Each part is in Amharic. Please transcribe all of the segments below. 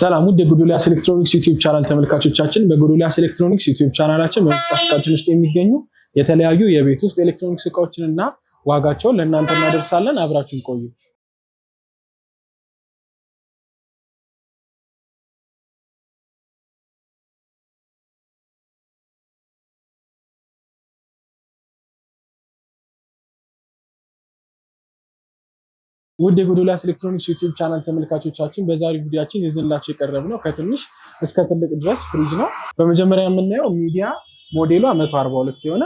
ሰላም ውድ የጎዶልያስ ኤሌክትሮኒክስ ዩቲዩብ ቻናል ተመልካቾቻችን፣ በጎዶልያስ ኤሌክትሮኒክስ ዩቲዩብ ቻናላችን በመንቀሳቀሳችን ውስጥ የሚገኙ የተለያዩ የቤት ውስጥ ኤሌክትሮኒክስ እቃዎችን እና ዋጋቸውን ለእናንተ እናደርሳለን። አብራችን ቆዩ። ውድ የጎዶልያስ ኤሌክትሮኒክስ ዩቲዩብ ቻናል ተመልካቾቻችን በዛሬው ቪዲዮችን ይዘንላቸው የቀረብ ነው ከትንሽ እስከ ትልቅ ድረስ ፍሪጅ ነው። በመጀመሪያ የምናየው ሚዲያ ሞዴሏ 142 የሆነ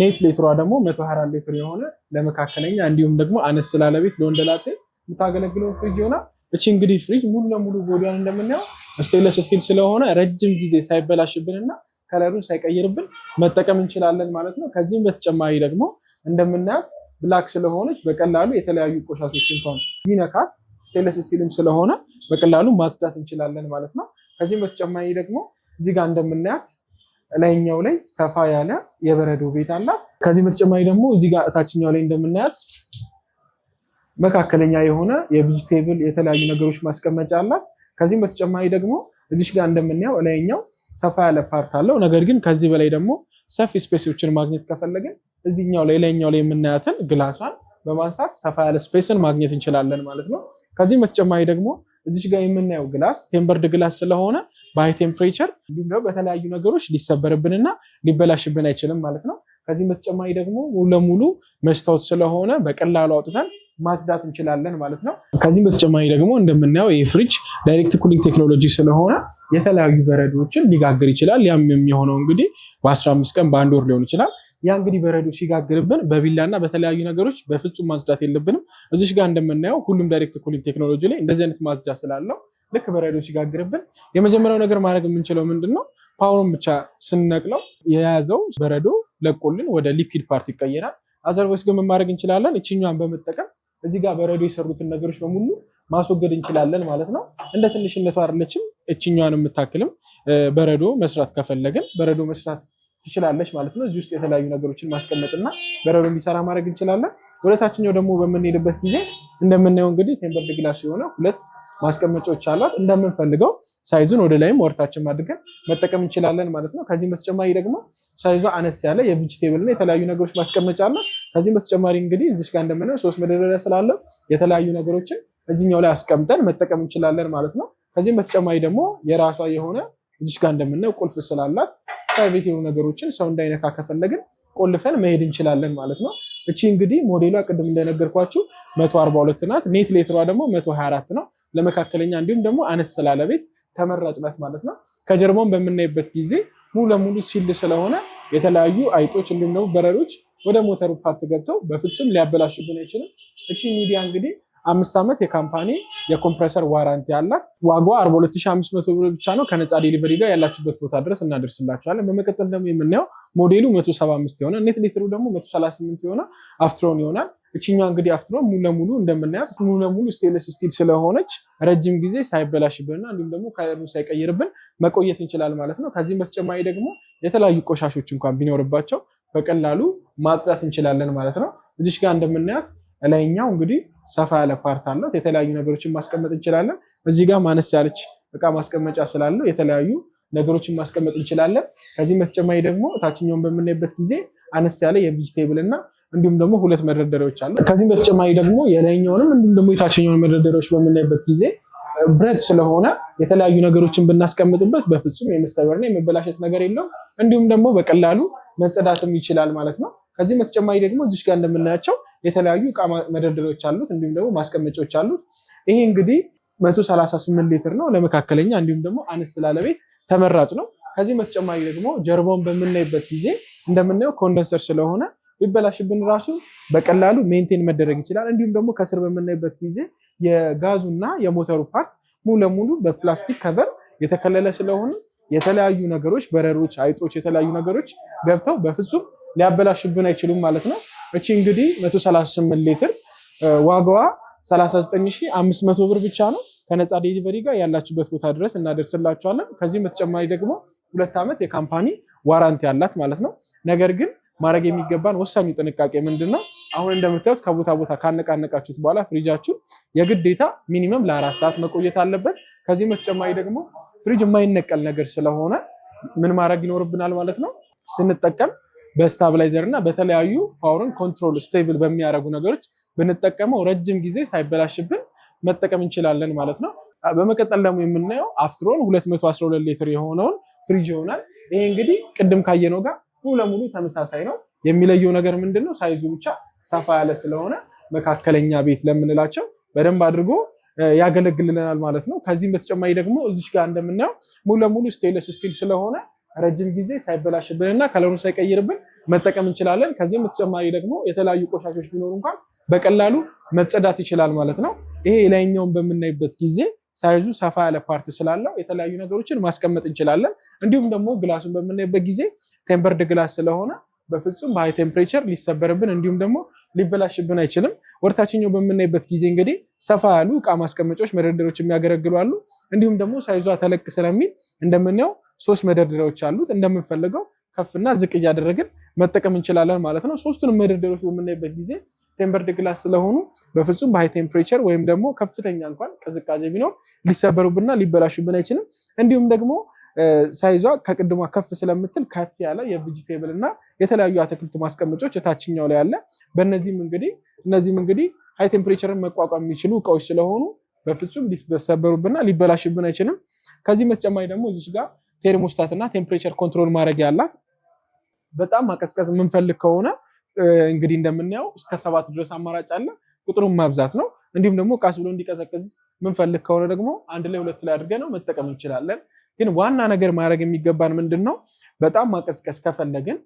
ኔት ሌትሯ ደግሞ 124 ሌትር የሆነ ለመካከለኛ እንዲሁም ደግሞ አነስ ላለቤት ለወንደላጤ የምታገለግለውን ፍሪጅ ይሆናል። እቺ እንግዲህ ፍሪጅ ሙሉ ለሙሉ ቦዲዋን እንደምናየው ስቴንለስ ስቲል ስለሆነ ረጅም ጊዜ ሳይበላሽብንና ከለሩን ሳይቀይርብን መጠቀም እንችላለን ማለት ነው። ከዚህም በተጨማሪ ደግሞ እንደምናያት ብላክ ስለሆነች በቀላሉ የተለያዩ ቆሻሾች እንኳን ቢነካት ስቴንለስ ስቲልም ስለሆነ በቀላሉ ማጽዳት እንችላለን ማለት ነው። ከዚህም በተጨማሪ ደግሞ እዚህ ጋር እንደምናያት ላይኛው ላይ ሰፋ ያለ የበረዶ ቤት አላት። ከዚህም በተጨማሪ ደግሞ እዚህ ጋር እታችኛው ላይ እንደምናያት መካከለኛ የሆነ የቬጅቴብል የተለያዩ ነገሮች ማስቀመጫ አላት። ከዚህም በተጨማሪ ደግሞ እዚሽ ጋር እንደምናየው ላይኛው ሰፋ ያለ ፓርት አለው። ነገር ግን ከዚህ በላይ ደግሞ ሰፊ ስፔሶችን ማግኘት ከፈለግን እዚህኛው ላይ ላይኛው ላይ የምናያትን ግላሷን በማንሳት ሰፋ ያለ ስፔስን ማግኘት እንችላለን ማለት ነው። ከዚህም በተጨማሪ ደግሞ እዚች ጋር የምናየው ግላስ ቴምበርድ ግላስ ስለሆነ በሃይ ቴምፕሬቸር እንዲሁም ደግሞ በተለያዩ ነገሮች ሊሰበርብንና ሊበላሽብን አይችልም ማለት ነው። ከዚህም በተጨማሪ ደግሞ ሙሉ ለሙሉ መስታወት ስለሆነ በቀላሉ አውጥተን ማጽዳት እንችላለን ማለት ነው። ከዚህም በተጨማሪ ደግሞ እንደምናየው ይህ ፍሪጅ ዳይሬክት ኩሊንግ ቴክኖሎጂ ስለሆነ የተለያዩ በረዶዎችን ሊጋግር ይችላል። ያም የሚሆነው እንግዲህ በ15 ቀን በአንድ ወር ሊሆን ይችላል። ያ እንግዲህ በረዶ ሲጋግርብን በቢላና በተለያዩ ነገሮች በፍጹም ማጽዳት የለብንም። እዚሽ ጋር እንደምናየው ሁሉም ዳይሬክት ኩሊንግ ቴክኖሎጂ ላይ እንደዚህ አይነት ማጽጃ ስላለው ልክ በረዶ ሲጋግርብን የመጀመሪያው ነገር ማድረግ የምንችለው ምንድን ነው? ፓወሩን ብቻ ስንነቅለው የያዘው በረዶ ለቆልን ወደ ሊኩድ ፓርት ይቀየራል። አዘርቮይስ ግን ማድረግ እንችላለን? እችኛን በመጠቀም እዚህ ጋር በረዶ የሰሩትን ነገሮች በሙሉ ማስወገድ እንችላለን ማለት ነው። እንደ ትንሽነቱ አይደለችም። እችኛዋን የምታክልም በረዶ መስራት ከፈለግን በረዶ መስራት ትችላለች ማለት ነው። እዚህ ውስጥ የተለያዩ ነገሮችን ማስቀመጥና በረዶ እንዲሰራ ማድረግ እንችላለን። ወደ ታችኛው ደግሞ በምንሄድበት ጊዜ እንደምናየው እንግዲህ ቴምበርድ ግላስ የሆነ ሁለት ማስቀመጫዎች አሏት። እንደምንፈልገው ሳይዙን ወደ ላይም ወርታችን አድርገን መጠቀም እንችላለን ማለት ነው። ከዚህም በተጨማሪ ደግሞ ሳይዟ አነስ ያለ የቪጅቴብል እና የተለያዩ ነገሮች ማስቀመጫ አለ ከዚህም በተጨማሪ እንግዲህ እዚህ ጋር እንደምናየው ሶስት መደርደሪያ ስላለው የተለያዩ ነገሮችን እዚህኛው ላይ አስቀምጠን መጠቀም እንችላለን ማለት ነው። ከዚህም በተጨማሪ ደግሞ የራሷ የሆነ እዚች ጋር እንደምናየው ቁልፍ ስላላት ፕራይቬት የሆኑ ነገሮችን ሰው እንዳይነካ ከፈለግን ቆልፈን መሄድ እንችላለን ማለት ነው። እቺ እንግዲህ ሞዴሏ ቅድም እንደነገርኳችሁ 142 ናት። ኔት ሌትሯ ደግሞ 124 ነው። ለመካከለኛ እንዲሁም ደግሞ አነስ ስላለ ቤት ተመራጭ ናት ማለት ነው። ከጀርባውን በምናይበት ጊዜ ሙሉ ለሙሉ ሲል ስለሆነ የተለያዩ አይጦች እንዲሁም ደግሞ በረሮች ወደ ሞተሩ ፓርት ገብተው በፍጹም ሊያበላሽብን አይችልም። እቺ ሚዲያ እንግዲህ አምስት ዓመት የካምፓኒ የኮምፕሬሰር ዋራንቲ ያላት ዋጓ 42500 ብር ብቻ ነው። ከነፃ ዴሊቨሪ ጋር ያላችሁበት ቦታ ድረስ እናደርስላችኋለን። በመቀጠል ደግሞ የምናየው ሞዴሉ 175 የሆነ ኔት ሊትሩ ደግሞ 138 የሆነ አፍትሮን ይሆናል። እችኛ እንግዲህ አፍትሮን ሙሉ ለሙሉ እንደምናያት ሙሉ ለሙሉ ስቴንለስ ስቲል ስለሆነች ረጅም ጊዜ ሳይበላሽብንና እንዲሁም ደግሞ ከለሩን ሳይቀይርብን መቆየት እንችላል ማለት ነው። ከዚህም በተጨማሪ ደግሞ የተለያዩ ቆሻሾች እንኳን ቢኖርባቸው በቀላሉ ማጽዳት እንችላለን ማለት ነው። እዚሽ ጋር እንደምናያት እላይኛው እንግዲህ ሰፋ ያለ ፓርት አላት። የተለያዩ ነገሮችን ማስቀመጥ እንችላለን። እዚህ ጋር ማነስ ያለች እቃ ማስቀመጫ ስላለው የተለያዩ ነገሮችን ማስቀመጥ እንችላለን። ከዚህም በተጨማሪ ደግሞ ታችኛውን በምናይበት ጊዜ አነስ ያለ የቪጅቴብል እና እንዲሁም ደግሞ ሁለት መደርደሪያዎች አሉ። ከዚህም በተጨማሪ ደግሞ የላይኛውንም እንዲሁም ደግሞ የታችኛውን መደርደሪያዎች በምናይበት ጊዜ ብረት ስለሆነ የተለያዩ ነገሮችን ብናስቀምጥበት በፍጹም የመሰበርና የመበላሸት ነገር የለውም። እንዲሁም ደግሞ በቀላሉ መጸዳትም ይችላል ማለት ነው። ከዚህም በተጨማሪ ደግሞ እዚሽ ጋር እንደምናያቸው የተለያዩ እቃ መደርደሪያዎች አሉት፣ እንዲሁም ደግሞ ማስቀመጫዎች አሉት። ይሄ እንግዲህ 138 ሊትር ነው። ለመካከለኛ እንዲሁም ደግሞ አነስ ስላለቤት ቤት ተመራጭ ነው። ከዚህ በተጨማሪ ደግሞ ጀርባውን በምናይበት ጊዜ እንደምናየው ኮንደንሰር ስለሆነ ቢበላሽብን ራሱ በቀላሉ ሜንቴን መደረግ ይችላል። እንዲሁም ደግሞ ከስር በምናይበት ጊዜ የጋዙና የሞተሩ ፓርት ሙሉ ለሙሉ በፕላስቲክ ከቨር የተከለለ ስለሆነ የተለያዩ ነገሮች፣ በረሮች፣ አይጦች፣ የተለያዩ ነገሮች ገብተው በፍጹም ሊያበላሽብን አይችሉም ማለት ነው። እቺ እንግዲህ 138 ሊትር ዋጋዋ 39500 ብር ብቻ ነው። ከነፃ ዴሊቨሪ ጋር ያላችሁበት ቦታ ድረስ እናደርስላችኋለን። ከዚህም በተጨማሪ ደግሞ ሁለት ዓመት የካምፓኒ ዋራንቲ ያላት ማለት ነው። ነገር ግን ማድረግ የሚገባን ወሳኙ ጥንቃቄ ምንድን ነው? አሁን እንደምታዩት ከቦታ ቦታ ካነቃነቃችሁት በኋላ ፍሪጃችሁ የግዴታ ሚኒመም ለአራት ሰዓት መቆየት አለበት። ከዚህም በተጨማሪ ደግሞ ፍሪጅ የማይነቀል ነገር ስለሆነ ምን ማድረግ ይኖርብናል ማለት ነው ስንጠቀም በስታብላይዘር እና በተለያዩ ፓወርን ኮንትሮል ስቴብል በሚያደርጉ ነገሮች ብንጠቀመው ረጅም ጊዜ ሳይበላሽብን መጠቀም እንችላለን ማለት ነው። በመቀጠል ደግሞ የምናየው አፍትሮን 212 ሊትር የሆነውን ፍሪጅ ይሆናል። ይሄ እንግዲህ ቅድም ካየነው ጋር ሙሉ ለሙሉ ተመሳሳይ ነው። የሚለየው ነገር ምንድን ነው? ሳይዙ ብቻ ሰፋ ያለ ስለሆነ መካከለኛ ቤት ለምንላቸው በደንብ አድርጎ ያገለግልናል ማለት ነው። ከዚህም በተጨማሪ ደግሞ እዚች ጋር እንደምናየው ሙሉ ለሙሉ ስቴንለስ ስቲል ስለሆነ ረጅም ጊዜ ሳይበላሽብንና ከለሩ ሳይቀይርብን መጠቀም እንችላለን። ከዚህም በተጨማሪ ደግሞ የተለያዩ ቆሻሾች ቢኖሩ እንኳን በቀላሉ መጸዳት ይችላል ማለት ነው። ይሄ የላይኛውን በምናይበት ጊዜ ሳይዙ ሰፋ ያለ ፓርት ስላለው የተለያዩ ነገሮችን ማስቀመጥ እንችላለን። እንዲሁም ደግሞ ግላሱን በምናይበት ጊዜ ቴምበርድ ግላስ ስለሆነ በፍጹም በሃይ ቴምፕሬቸር ሊሰበርብን እንዲሁም ደግሞ ሊበላሽብን አይችልም። ወርታችኛው በምናይበት ጊዜ እንግዲህ ሰፋ ያሉ እቃ ማስቀመጫዎች፣ መደርደሮች የሚያገለግሉ አሉ። እንዲሁም ደግሞ ሳይዟ ተለቅ ስለሚል እንደምናየው ሶስት መደርደሪያዎች አሉት። እንደምንፈልገው ከፍና ዝቅ እያደረግን መጠቀም እንችላለን ማለት ነው። ሶስቱንም መደርደሪያዎች በምናይበት ጊዜ ቴምበርድ ግላስ ስለሆኑ በፍጹም በሃይ ቴምፕሬቸር ወይም ደግሞ ከፍተኛ እንኳን ቅዝቃዜ ቢኖር ሊሰበሩብና ሊበላሹብን አይችልም። እንዲሁም ደግሞ ሳይዟ ከቅድሟ ከፍ ስለምትል ከፍ ያለ የቪጅቴብል እና የተለያዩ አትክልት ማስቀመጫዎች የታችኛው ላይ አለ። በእነዚህም እንግዲህ እነዚህም እንግዲህ ሃይ ቴምፕሬቸርን መቋቋም የሚችሉ እቃዎች ስለሆኑ በፍጹም ሊሰበሩብና ሊበላሽብን አይችልም። ከዚህ በተጨማሪ ደግሞ እዚች ጋር ቴርሞስታት እና ቴምፕሬቸር ኮንትሮል ማድረግ ያላት በጣም ማቀዝቀዝ የምንፈልግ ከሆነ እንግዲህ እንደምናየው እስከ ሰባት ድረስ አማራጭ አለ። ቁጥሩን ማብዛት ነው። እንዲሁም ደግሞ ቃስ ብሎ እንዲቀዘቅዝ የምንፈልግ ከሆነ ደግሞ አንድ ላይ ሁለት ላይ አድርገ ነው መጠቀም እንችላለን። ግን ዋና ነገር ማድረግ የሚገባን ምንድን ነው? በጣም ማቀዝቀዝ ከፈለግን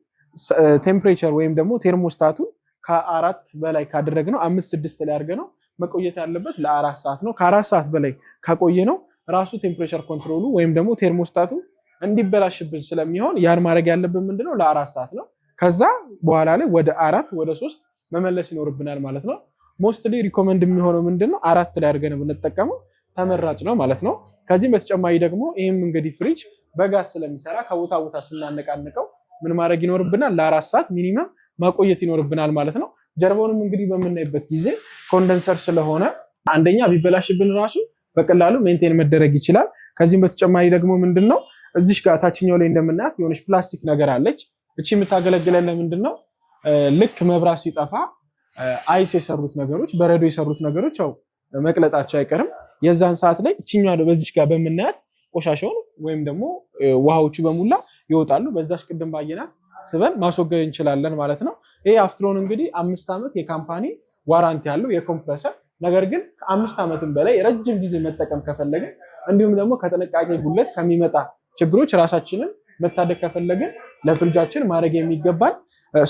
ቴምፕሬቸር ወይም ደግሞ ቴርሞስታቱን ከአራት በላይ ነው አምስት ስድስት ላይ አድርገ ነው መቆየት ያለበት ለአራት ሰዓት ነው። ከአራት ሰዓት በላይ ካቆየ ነው ራሱ ቴምፕሬቸር ኮንትሮሉ ወይም ደግሞ ቴርሞስታቱ እንዲበላሽብን ስለሚሆን ያን ማድረግ ያለብን ምንድነው ለአራት ሰዓት ነው። ከዛ በኋላ ላይ ወደ አራት ወደ ሶስት መመለስ ይኖርብናል ማለት ነው። ሞስትሊ ሪኮመንድ የሚሆነው ምንድነው አራት ላይ አድርገን ብንጠቀመው ተመራጭ ነው ማለት ነው። ከዚህም በተጨማሪ ደግሞ ይህም እንግዲህ ፍሪጅ በጋዝ ስለሚሰራ ከቦታ ቦታ ስናነቃንቀው ምን ማድረግ ይኖርብናል ለአራት ሰዓት ሚኒመም ማቆየት ይኖርብናል ማለት ነው። ጀርባውንም እንግዲህ በምናይበት ጊዜ ኮንደንሰር ስለሆነ አንደኛ ቢበላሽብን ራሱ በቀላሉ ሜንቴን መደረግ ይችላል። ከዚህም በተጨማሪ ደግሞ ምንድን ነው እዚሽ ጋር ታችኛው ላይ እንደምናያት የሆነች ፕላስቲክ ነገር አለች። እቺ የምታገለግለን ለምንድን ነው? ልክ መብራት ሲጠፋ አይስ የሰሩት ነገሮች፣ በረዶ የሰሩት ነገሮች ያው መቅለጣቸው አይቀርም። የዛን ሰዓት ላይ እችኛ በዚች ጋር በምናያት ቆሻሻውን ወይም ደግሞ ውሃዎቹ በሙላ ይወጣሉ። በዛች ቅድም ባየናት ስበን ማስወገድ እንችላለን ማለት ነው። ይሄ አፍትሮን እንግዲህ አምስት ዓመት የካምፓኒ ዋራንቲ ያለው የኮምፕረሰር ነገር ግን ከአምስት ዓመትም በላይ ረጅም ጊዜ መጠቀም ከፈለግን እንዲሁም ደግሞ ከጥንቃቄ ጉለት ከሚመጣ ችግሮች ራሳችንን መታደግ ከፈለግን ለፍሪጃችን ማድረግ የሚገባል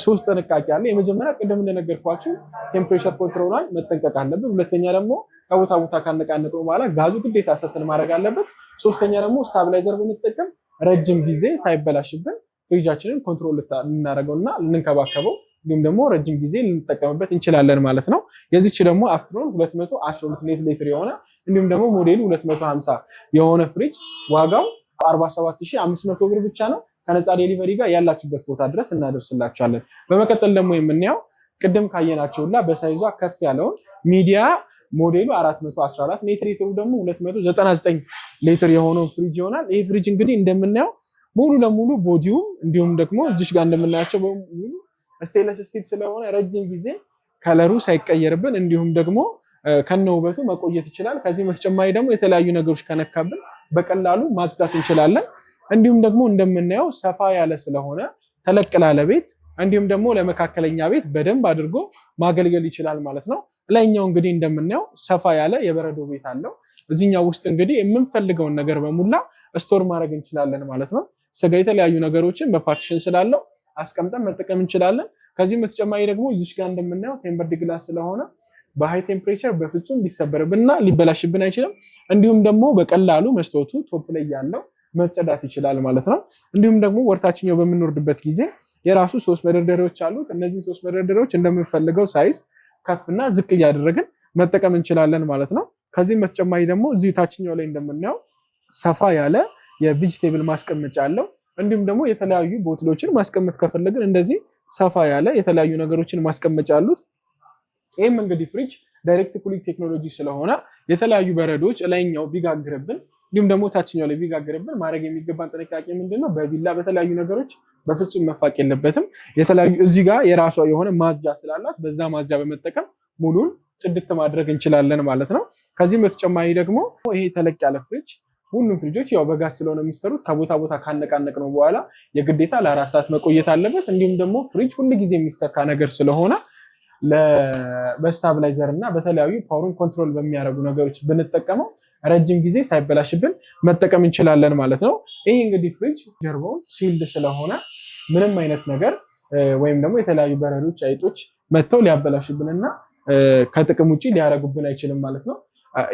ሶስት ጥንቃቄ አለ። የመጀመሪያ ቅድም እንደነገርኳችሁ ቴምፕሬቸር ኮንትሮሏን መጠንቀቅ አለብን። ሁለተኛ ደግሞ ከቦታ ቦታ ካነቃነቅ በኋላ ጋዙ ግዴታ ሰትን ማድረግ አለበት። ሶስተኛ ደግሞ ስታብላይዘር ብንጠቀም ረጅም ጊዜ ሳይበላሽብን ፍሪጃችንን ኮንትሮል ልናደርገው እና ልንከባከበው እንዲሁም ደግሞ ረጅም ጊዜ ልንጠቀምበት እንችላለን ማለት ነው። የዚች ደግሞ አፍትሮን 212 ሌትር የሆነ እንዲሁም ደግሞ ሞዴሉ 250 የሆነ ፍሪጅ ዋጋው 47500 ብር ብቻ ነው ከነፃ ዴሊቨሪ ጋር ያላችሁበት ቦታ ድረስ እናደርስላችኋለን። በመቀጠል ደግሞ የምናየው ቅድም ካየናቸውና በሳይዟ ከፍ ያለውን ሚዲያ ሞዴሉ 414 ሜትር ሊትሩ ደግሞ 299 ሊትር የሆነው ፍሪጅ ይሆናል። ይህ ፍሪጅ እንግዲህ እንደምናየው ሙሉ ለሙሉ ቦዲውም እንዲሁም ደግሞ እጅሽ ጋር እንደምናያቸው በሙሉ ስቴለስ ስቲል ስለሆነ ረጅም ጊዜ ከለሩ ሳይቀየርብን እንዲሁም ደግሞ ከነውበቱ መቆየት ይችላል። ከዚህ በተጨማሪ ደግሞ የተለያዩ ነገሮች ከነካብን በቀላሉ ማጽዳት እንችላለን። እንዲሁም ደግሞ እንደምናየው ሰፋ ያለ ስለሆነ ተለቅ ላለ ቤት እንዲሁም ደግሞ ለመካከለኛ ቤት በደንብ አድርጎ ማገልገል ይችላል ማለት ነው። ላይኛው እንግዲህ እንደምናየው ሰፋ ያለ የበረዶ ቤት አለው። እዚህኛው ውስጥ እንግዲህ የምንፈልገውን ነገር በሙላ ስቶር ማድረግ እንችላለን ማለት ነው። ስጋ፣ የተለያዩ ነገሮችን በፓርቲሽን ስላለው አስቀምጠን መጠቀም እንችላለን። ከዚህም በተጨማሪ ደግሞ ጋር እንደምናየው ቴምበርድ ግላስ ስለሆነ በሃይ ቴምፕሬቸር በፍጹም ሊሰበርብንና ሊበላሽብን አይችልም። እንዲሁም ደግሞ በቀላሉ መስታወቱ ቶፕ ላይ ያለው መጸዳት ይችላል ማለት ነው። እንዲሁም ደግሞ ወርታችኛው በምንወርድበት ጊዜ የራሱ ሶስት መደርደሪያዎች አሉት። እነዚህ ሶስት መደርደሪያዎች እንደምንፈልገው ሳይዝ ከፍና ዝቅ እያደረግን መጠቀም እንችላለን ማለት ነው። ከዚህም በተጨማሪ ደግሞ እዚህ ታችኛው ላይ እንደምናየው ሰፋ ያለ የቪጅቴብል ማስቀመጫ አለው። እንዲሁም ደግሞ የተለያዩ ቦትሎችን ማስቀመጥ ከፈለግን እንደዚህ ሰፋ ያለ የተለያዩ ነገሮችን ማስቀመጫ አሉት። ይህም እንግዲህ ፍሪጅ ዳይሬክት ኩሊንግ ቴክኖሎጂ ስለሆነ የተለያዩ በረዶች ላይኛው ቢጋግርብን እንዲሁም ደግሞ ታችኛው ላይ ቢጋግርብን ማድረግ የሚገባን ጥንቃቄ ምንድን ነው? በቢላ በተለያዩ ነገሮች በፍጹም መፋቅ የለበትም። የተለያዩ እዚህ ጋር የራሷ የሆነ ማጽጃ ስላላት በዛ ማጽጃ በመጠቀም ሙሉን ጽድት ማድረግ እንችላለን ማለት ነው። ከዚህም በተጨማሪ ደግሞ ይሄ ተለቅ ያለ ፍሪጅ ሁሉም ፍሪጆች ያው በጋዝ ስለሆነ የሚሰሩት ከቦታ ቦታ ካነቃነቅ ነው በኋላ የግዴታ ለአራት ሰዓት መቆየት አለበት። እንዲሁም ደግሞ ፍሪጅ ሁልጊዜ የሚሰካ ነገር ስለሆነ በስታብላይዘር እና በተለያዩ ፓወሩን ኮንትሮል በሚያደርጉ ነገሮች ብንጠቀመው ረጅም ጊዜ ሳይበላሽብን መጠቀም እንችላለን ማለት ነው። ይህ እንግዲህ ፍሪጅ ጀርባውን ሲልድ ስለሆነ ምንም አይነት ነገር ወይም ደግሞ የተለያዩ በረዶች፣ አይጦች መጥተው እና ከጥቅም ውጭ ሊያደርጉብን አይችልም ማለት ነው።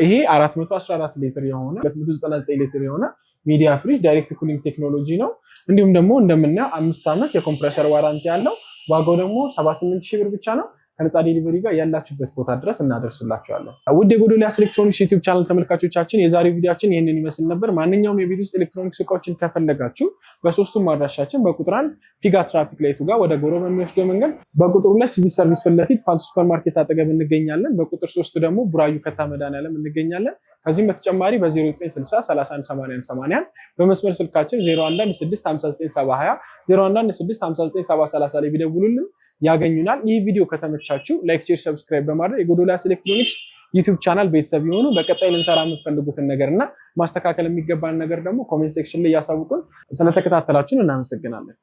ይሄ 414 ሊትር የሆነ 299 ሊትር የሆነ ሚዲያ ፍሪጅ ዳይሬክት ኩሊንግ ቴክኖሎጂ ነው። እንዲሁም ደግሞ እንደምናየው አምስት ዓመት የኮምፕሬሰር ዋራንቲ ያለው ዋጋው ደግሞ 78 ሺህ ብር ብቻ ነው። ከነፃ ዴሊቨሪ ጋር ያላችሁበት ቦታ ድረስ እናደርስላችኋለን። ውድ የጎዶልያስ ኤሌክትሮኒክስ ዩቲዩብ ቻናል ተመልካቾቻችን የዛሬው ቪዲዮችን ይህንን ይመስል ነበር። ማንኛውም የቤት ውስጥ ኤሌክትሮኒክስ እቃዎችን ከፈለጋችሁ በሶስቱም አድራሻችን በቁጥር አንድ ፊጋ ትራፊክ ላይቱ ጋር ወደ ጎሮ በሚወስደው መንገድ፣ በቁጥር ሁለት ሲቪል ሰርቪስ ፊት ለፊት ፋንቱ ሱፐርማርኬት አጠገብ እንገኛለን። በቁጥር ሶስት ደግሞ ቡራዩ ከታመዳን ያለም እንገኛለን። ከዚህም በተጨማሪ በ0960 በመስመር ስልካችን 0116597020 ላይ ቢደውሉልን ያገኙናል። ይህ ቪዲዮ ከተመቻችሁ ላይክ፣ ሼር፣ ሰብስክራይብ በማድረግ የጎዶልያስ ኤሌክትሮኒክስ ዩቲብ ቻናል ቤተሰብ የሆኑ በቀጣይ ልንሰራ የምትፈልጉትን ነገር እና ማስተካከል የሚገባን ነገር ደግሞ ኮሜንት ሴክሽን ላይ እያሳውቁን። ስለተከታተላችሁን እናመሰግናለን።